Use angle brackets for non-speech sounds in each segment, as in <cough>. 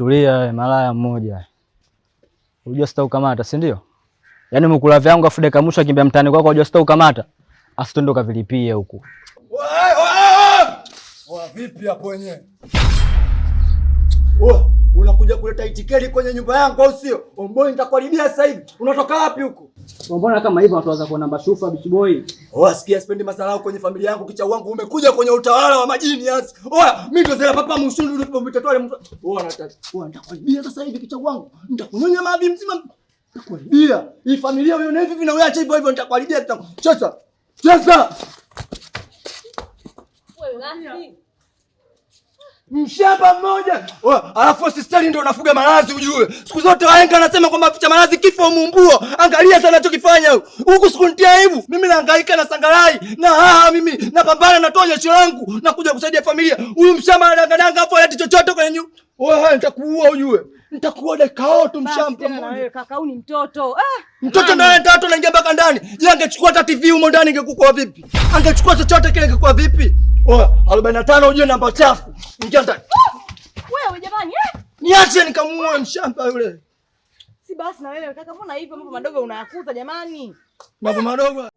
Tulia malaya mmoja. Unajua sita ukamata, si ndio? Yaani mkula vyangu afu deka mwisho akimbia mtani kwako unajua sita ukamata. Afu ndo kavilipie huku. Vipi hapo wenyewe? unakuja kuleta itikeli kwenye nyumba yangu, au sio? Omboi, nitakuharibia sasa hivi. Unatoka wapi huko? Mbona kama hivyo watu waza kuona mashufa bitch boy? Oa, sikia, sipendi masalau kwenye familia yangu, kicha wangu. Umekuja kwenye utawala wa majini hasa. Oa, mimi ndo zile papa mshundu ndio mtatoa ile mtu. Oa, nataka. Oa, nitakuharibia sasa hivi kicha wangu. Nitakunyonya mavi mzima. Nitakuharibia. Hii familia wewe na hivi wewe acha hivyo hivyo, nitakuharibia kitangu. Chacha. Chacha. Wewe nani? mshamba mmoja oh, alafu sisteri ndo unafuga maradhi ujue. Siku zote waenga anasema kwamba ficha maradhi kifo mumbuo. Angalia sana anachokifanya huku, sikuntia hivu mimi, naangaika na sangarai na haha, mimi napambana, natoa jasho langu na kuja kusaidia familia. Huyu mshamba anadangadanga afu aleti chochote kwenye nyu. Oh, nitakuua ujue, nitakuua dakika tu mshamba mmoja. Kaka huyu ni mtoto ah, mtoto ndio anaingia mpaka ndani. Je, angechukua hata TV humo ndani ingekuwa vipi? Angechukua chochote kile ingekuwa vipi? Oh, arobaini na tano ujue namba chafu. Ingia ndani. Oh, wewe jamani eh? Niache nikamuue mshamba yule. Si basi na wewe kaka, mbona hivyo mambo madogo unayakuta jamani? Mambo madogo.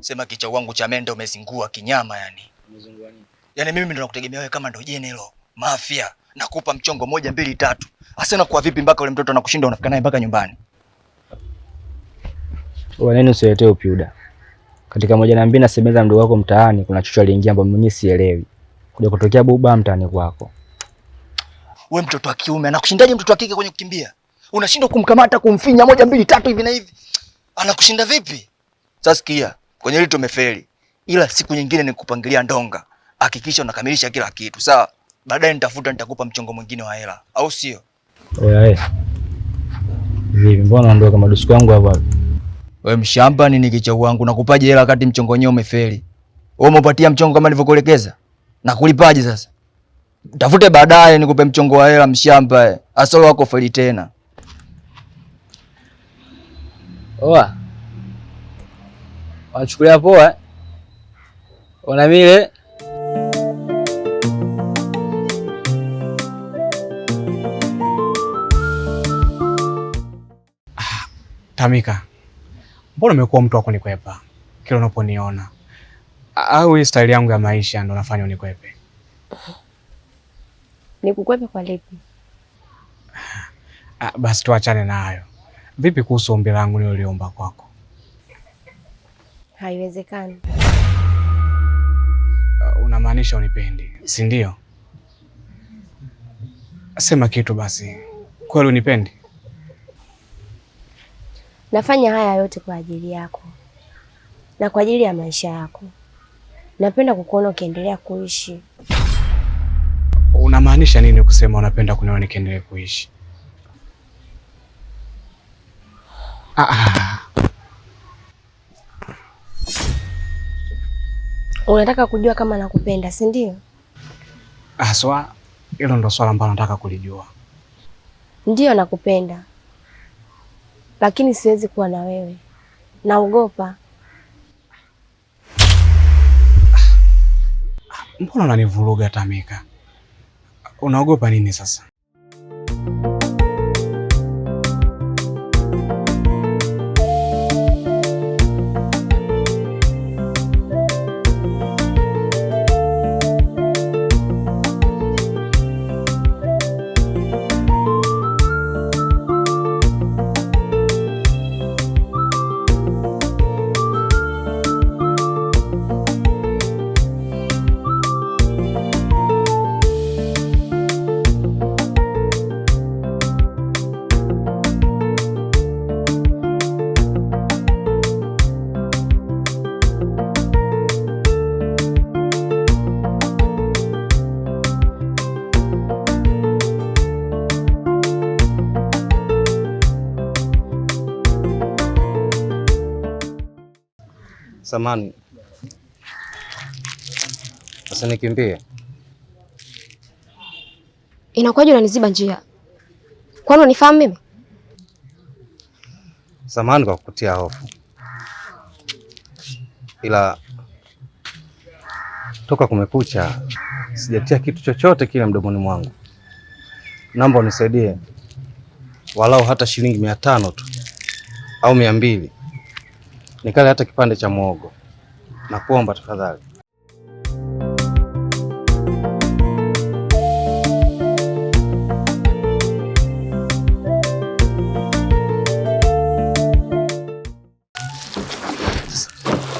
Sema kicha wangu cha mende umezingua kinyama yani. Umezingua nini? Yaani mimi ndo nakutegemea wewe kama ndo jenero, mafia. Nakupa mchongo moja mbili tatu. Asema kwa vipi mpaka ule mtoto anakushinda unafika naye mpaka nyumbani? Wanani usiletee upiuda. Katika moja na mbili nasemeza mdogo wako mtaani kuna chuchu aliingia ambapo mimi sielewi. Kuja kutokea buba mtaani kwako. Wewe mtoto wa kiume anakushindaje mtoto wa kike kwenye kukimbia? Unashindwa kumkamata kumfinya moja mbili tatu hivi na hivi. Anakushinda vipi? Sasa sikia, kwenye hili tumefeli. Ila siku nyingine nikupangilia ndonga. Hakikisha unakamilisha kila kitu, sawa? Baadaye nitafuta nitakupa mchongo mwingine wa hela, au sio? Oya, eh. Vipi mbona ndio kama dusu yangu hapa? We mshamba nini kicha wangu nakupaje hela wakati mchongo wenyewe umefeli? Wewe umepatia mchongo kama nilivyokuelekeza? Nakulipaje sasa? Tafute baadaye nikupe mchongo wa hela mshamba. Eh. Asolo wako feli tena. Oa. Wanachukulia poa. Eh. Ona mile ah, Tamika mbona umekuwa mtu wa kunikwepa kila unaponiona? Au hii staili yangu ya maisha ndo nafanya unikwepe? Nikukwepe kwa lipi? Ah, basi tuachane na hayo. Vipi kuhusu ombi langu niloliomba kwako? Haiwezekani. Uh, unamaanisha unipendi, si ndio? Sema kitu basi, kweli unipendi? Nafanya haya yote kwa ajili yako na kwa ajili ya maisha yako. Napenda kukuona ukiendelea kuishi. Unamaanisha nini kusema unapenda kuniona nikiendelea kuishi? Ah. ah. Unataka kujua kama nakupenda, si ndio? Haswa ah, hilo ndo swala ambalo nataka kulijua. ndio nakupenda lakini siwezi kuwa na wewe, naogopa. Ah, mbona unanivuruga Tamika? Unaogopa nini sasa? samani, usinikimbie. Inakuwaje unaniziba njia? Kwani unifahamu mimi? Samani kwa kukutia hofu, ila toka kumekucha sijatia kitu chochote kile mdomoni mwangu. Naomba unisaidie walau hata shilingi mia tano tu au mia mbili nikale hata kipande cha muogo. Nakuomba tafadhali.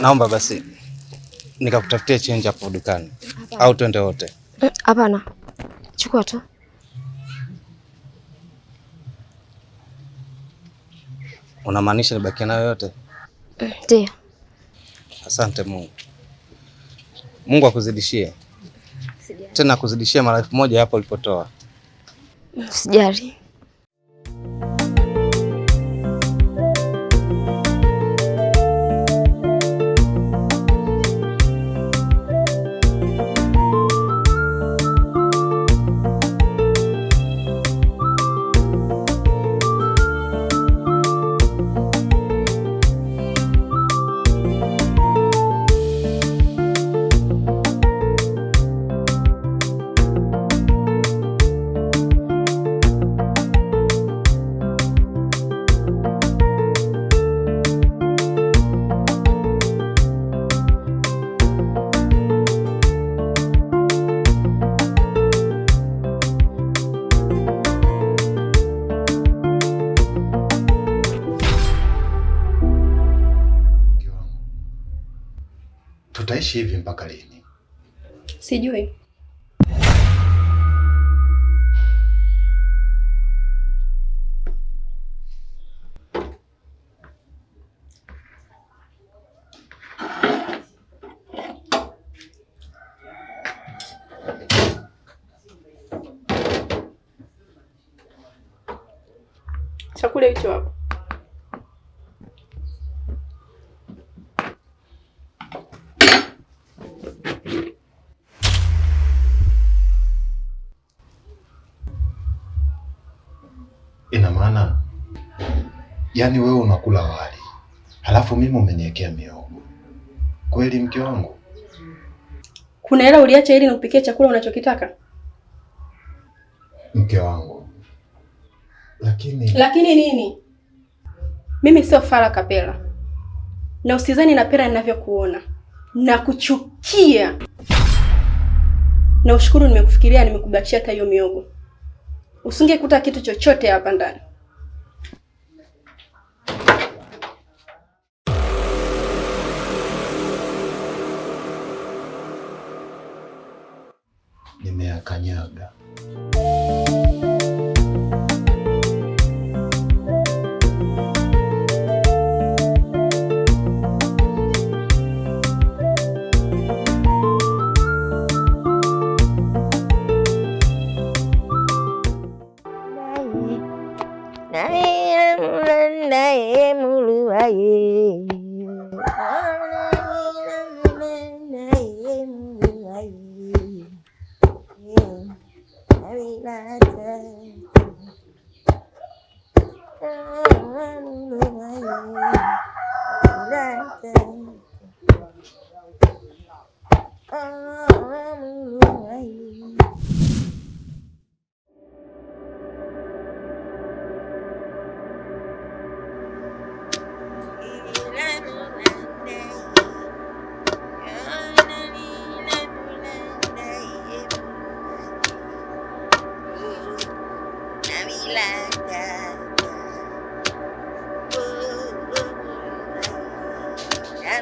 Naomba basi nikakutafutia change hapo dukani au twende wote? Eh, hapana, chukua tu. Unamaanisha nibakie nayo yote? Ndio. Asante Mungu. Mungu akuzidishie tena, akuzidishie mara elfu moja hapo ulipotoa. Sijali. Mnaishi hivi mpaka lini? Sijui. maana yani wewe unakula wali halafu mimi umeniwekea miogo. Kweli mke wangu, kuna hela uliacha ili nikupikie chakula unachokitaka mke wangu? Lakini lakini nini? Mimi sio fara kapela, na usizani na pera ninavyokuona na kuchukia na ushukuru, nimekufikiria nimekubakishia hata hiyo miogo. Usingekuta kitu chochote hapa ndani. anayakanyaga. Naye, 来。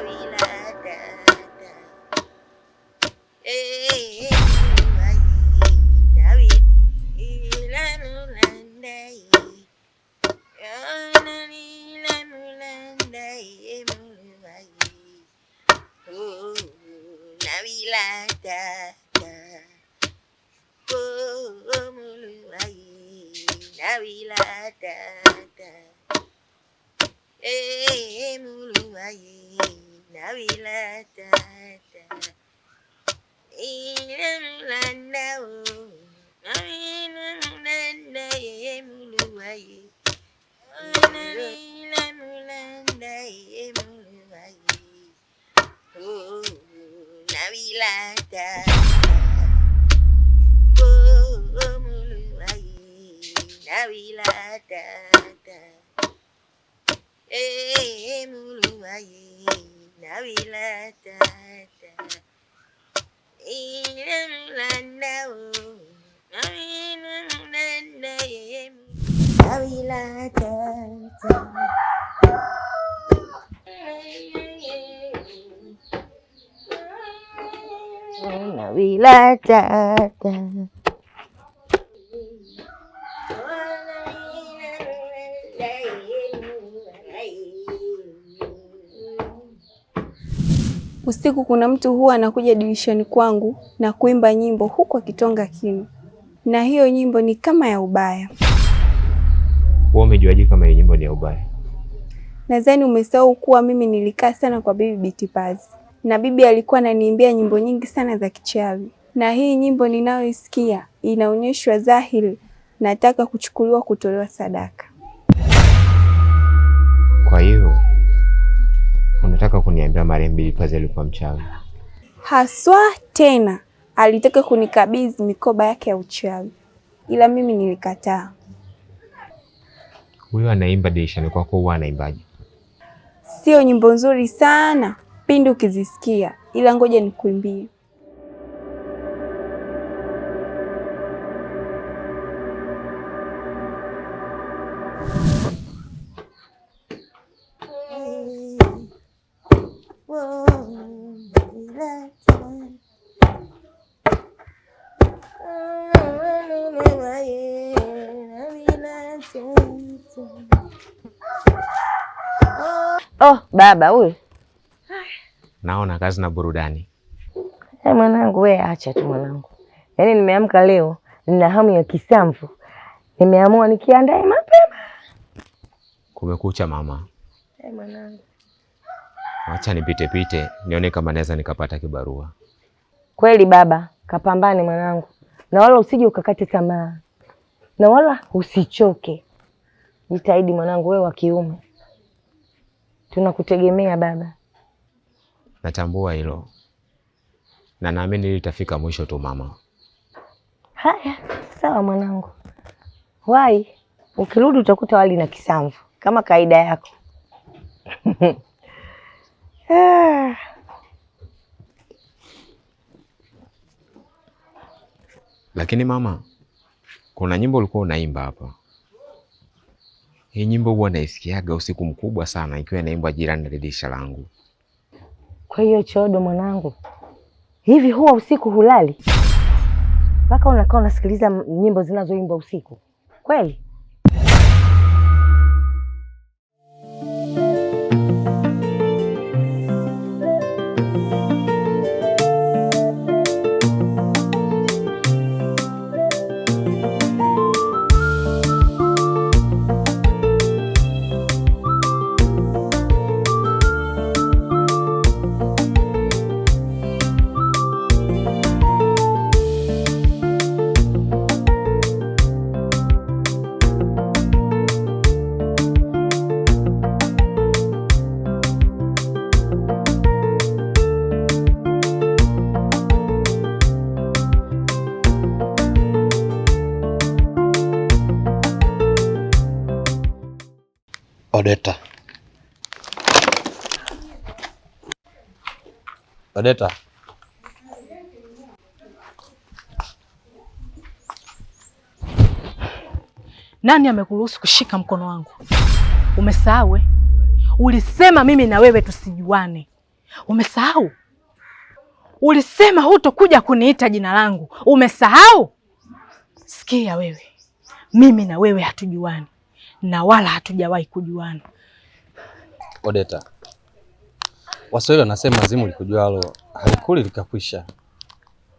有依赖 Usiku kuna mtu huwa anakuja dirishani kwangu na kuimba nyimbo huku akitonga kinu, na hiyo nyimbo ni kama ya ubaya. Wewe umejuaje kama hiyo nyimbo ni ya ubaya? Nadhani umesahau kuwa mimi nilikaa sana kwa Bibi bitipazi na bibi alikuwa ananiimbia nyimbo nyingi sana za kichawi, na hii nyimbo ninayoisikia inaonyeshwa dhahiri, nataka kuchukuliwa kutolewa sadaka. Kwa hiyo unataka kuniambia mara mbili Pazi alikuwa mchawi haswa? Tena alitaka kunikabidhi mikoba yake ya uchawi, ila mimi nilikataa. Huyo anaimba dirishani kwako, huwa anaimbaje? Sio nyimbo nzuri sana pindi ukizisikia, ila ngoja nikuimbie. Oh, baba huyu naona kazi na burudani. Hey, eh, mwanangu we acha tu mwanangu, yaani nimeamka leo nina hamu ya kisamvu, nimeamua nikiandae mapema. Kumekucha mama. Hey, eh, mwanangu wacha nipitepite nione kama naweza nikapata kibarua. Kweli baba, kapambane mwanangu, na wala usije ukakate tamaa, na wala usichoke. Jitahidi mwanangu, wewe wa kiume, tunakutegemea baba. Natambua hilo na naamini litafika mwisho tu mama. Haya, sawa mwanangu. Wai, ukirudi utakuta wali na kisamvu kama kaida yako. <laughs> Ah. Lakini mama, kuna nyimbo ulikuwa unaimba hapa. Hii nyimbo huwa naisikiaga usiku mkubwa sana ikiwa inaimbwa jirani na dirisha langu. Kwa hiyo Chodo mwanangu, hivi huwa usiku hulali mpaka unakaa unasikiliza nyimbo zinazoimbwa usiku kweli? Odeta. Odeta. Nani amekuruhusu kushika mkono wangu? Umesahau? Eh? Ulisema mimi na wewe tusijuane. Umesahau? Ulisema hutokuja kuniita jina langu. Umesahau? Sikia wewe, mimi na wewe hatujuani na wala hatujawahi kujuana. Odeta, Waswahili wanasema zimu likujualo halikuli likakwisha.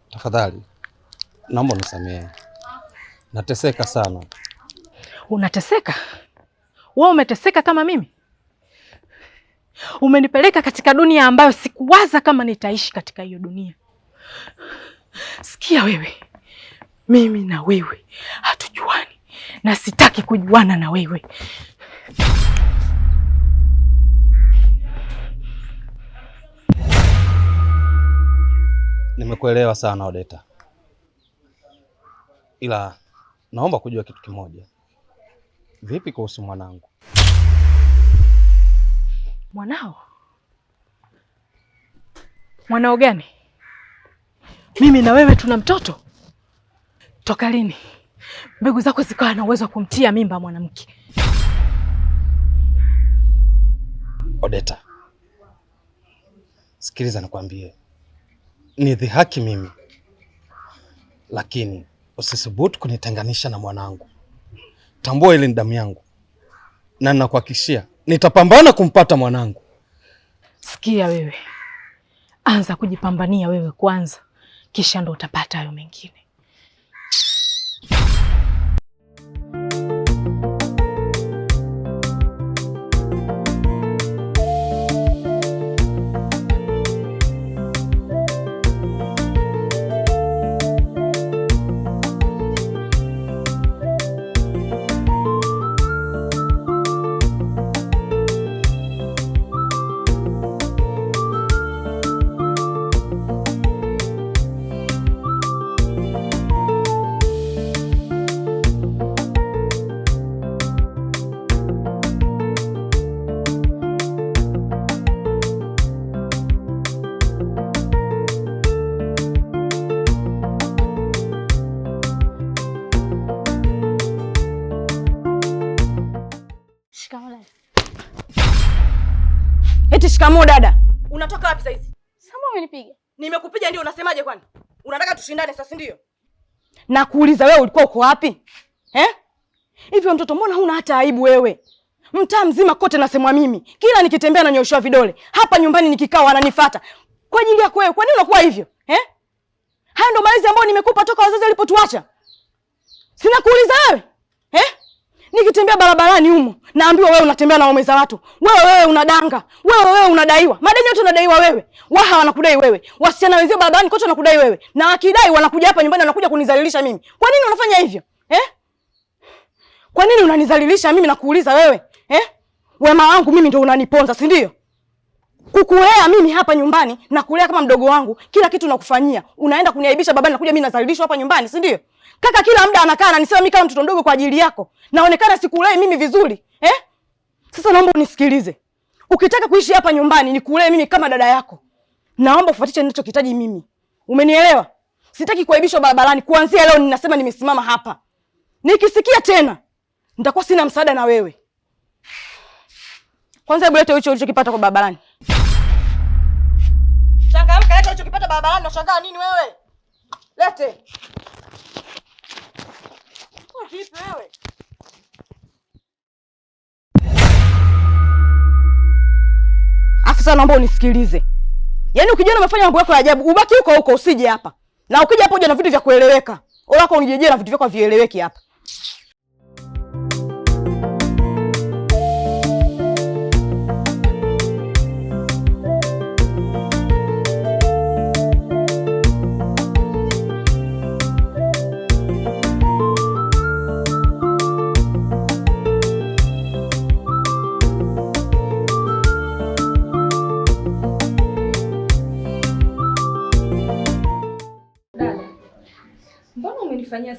Tafadhali naomba unisamehe, nateseka sana. Unateseka wewe? Umeteseka kama mimi? Umenipeleka katika dunia ambayo sikuwaza kama nitaishi katika hiyo dunia. Sikia wewe, mimi na wewe hatujuani na sitaki kujuana na wewe. Nimekuelewa sana Odeta, ila naomba kujua kitu kimoja. Vipi kuhusu mwanangu? Mwanao? Mwanao gani? Mimi na wewe tuna mtoto toka lini? mbegu zako zikawa na uwezo wa kumtia mimba mwanamke. Odeta, sikiliza nikwambie, ni dhihaki mimi, lakini usisubutu kunitenganisha na mwanangu. Tambua ile ni damu yangu, na ninakuhakikishia nitapambana kumpata mwanangu. Sikia wewe, anza kujipambania wewe kwanza, kisha ndo utapata hayo mengine. Shikamoo dada. Unatoka wapi hizi? Sama umenipiga. Nimekupiga ndio unasemaje kwani? Unataka tushindane sasa ndio? Nakuuliza wewe ulikuwa uko wapi? Eh? Hivyo mtoto mbona huna hata aibu wewe? Mtaa mzima kote nasemwa mimi. Kila nikitembea nanyoshwa vidole. Hapa nyumbani nikikaa wananifuata. Kwa ajili ya wewe, kwa nini unakuwa hivyo? Eh? Hayo ndo malezi ambayo nimekupa toka wazazi walipotuacha. Sina kuuliza wewe nikitembea barabarani humo naambiwa wewe unatembea na waume za watu. Wewe wewe unadanga. Wewe wewe unadaiwa. Madeni yote unadaiwa wewe. Waha wanakudai wewe. Wasichana wenzio barabarani kote wanakudai wewe. Na wakidai wanakuja hapa nyumbani wanakuja kunizalilisha mimi. Kwa nini unafanya hivyo? Eh? Kwa nini unanizalilisha mimi na kuuliza wewe? Eh? Wema wangu mimi ndio unaniponza, si ndio? kukulea mimi hapa nyumbani na kulea kama mdogo wangu, kila kitu nakufanyia, unaenda kuniaibisha babani, nakuja mimi nazalilishwa hapa nyumbani, si ndio? Kaka kila muda anakaa ananisema mimi kama mtoto mdogo kwa ajili yako, naonekana sikulei mimi vizuri eh? Sasa naomba unisikilize, ukitaka kuishi hapa nyumbani nikulee mimi kama dada yako, naomba ufuatishe ninachokihitaji mimi, umenielewa? Sitaki kuaibishwa barabarani. Kuanzia leo ninasema nimesimama hapa, nikisikia tena nitakuwa sina msaada na wewe. Kwanza hebu lete hicho ulichokipata kwa barabarani hicho kipata barabarani, unashangaa nini wewe? Lete kipi wewe? Afisa, naomba unisikilize. Yaani ukijana umefanya mambo yako ya ajabu, ubaki huko huko, usije hapa, na ukija hapo uje na vitu vya kueleweka. kwa unijejea na vitu vyako vieleweki hapa.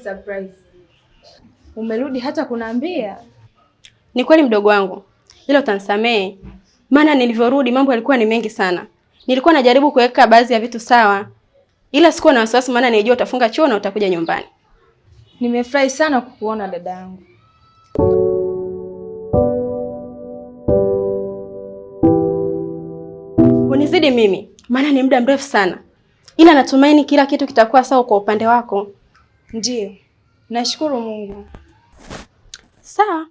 surprise. Umerudi hata kunaambia? Ni kweli mdogo wangu, ila utanisamehe, maana nilivyorudi mambo yalikuwa ni mengi sana. Nilikuwa najaribu kuweka baadhi ya vitu sawa, ila sikuwa na wasiwasi, maana nilijua utafunga chuo na utakuja nyumbani. Nimefurahi sana kukuona dada yangu. Unizidi mimi, maana ni muda mrefu sana, ila natumaini kila kitu kitakuwa sawa kwa upande wako. Ndiyo, nashukuru Mungu. Sawa,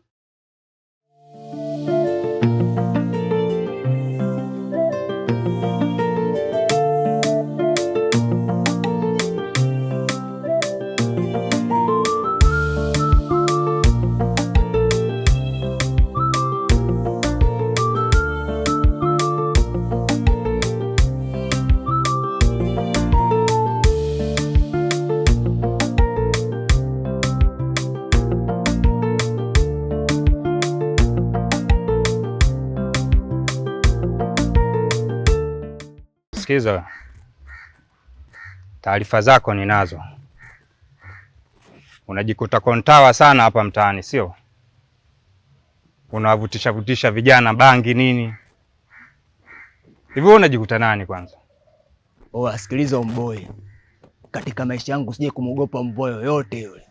Skiza, taarifa zako ninazo. Unajikuta kontawa sana hapa mtaani, sio? Unawavutisha vutisha vijana bangi nini hivyo, unajikuta nani kwanza? Oh, asikiliza umboi, katika maisha yangu sije kumwogopa mboi yoyote yule.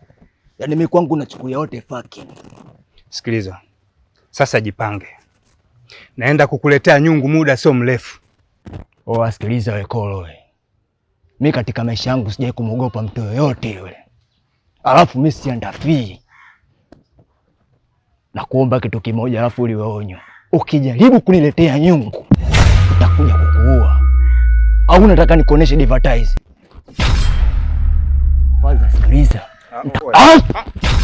Yaani mimi kwangu nachukulia yote fucking. Sikiliza sasa, jipange, naenda kukuletea nyungu muda sio mrefu. Oh, Wasikiliza wewe Kolo, mi katika maisha yangu sijai kumwogopa mtu yoyote yule, alafu mi siandafii. Nakuomba kitu kimoja, alafu uliwe onyo. Ukijaribu kuniletea nyungu, nitakuja kukuua. Au nataka nikuoneshe advertise? Kwanza Ah, ah! ah.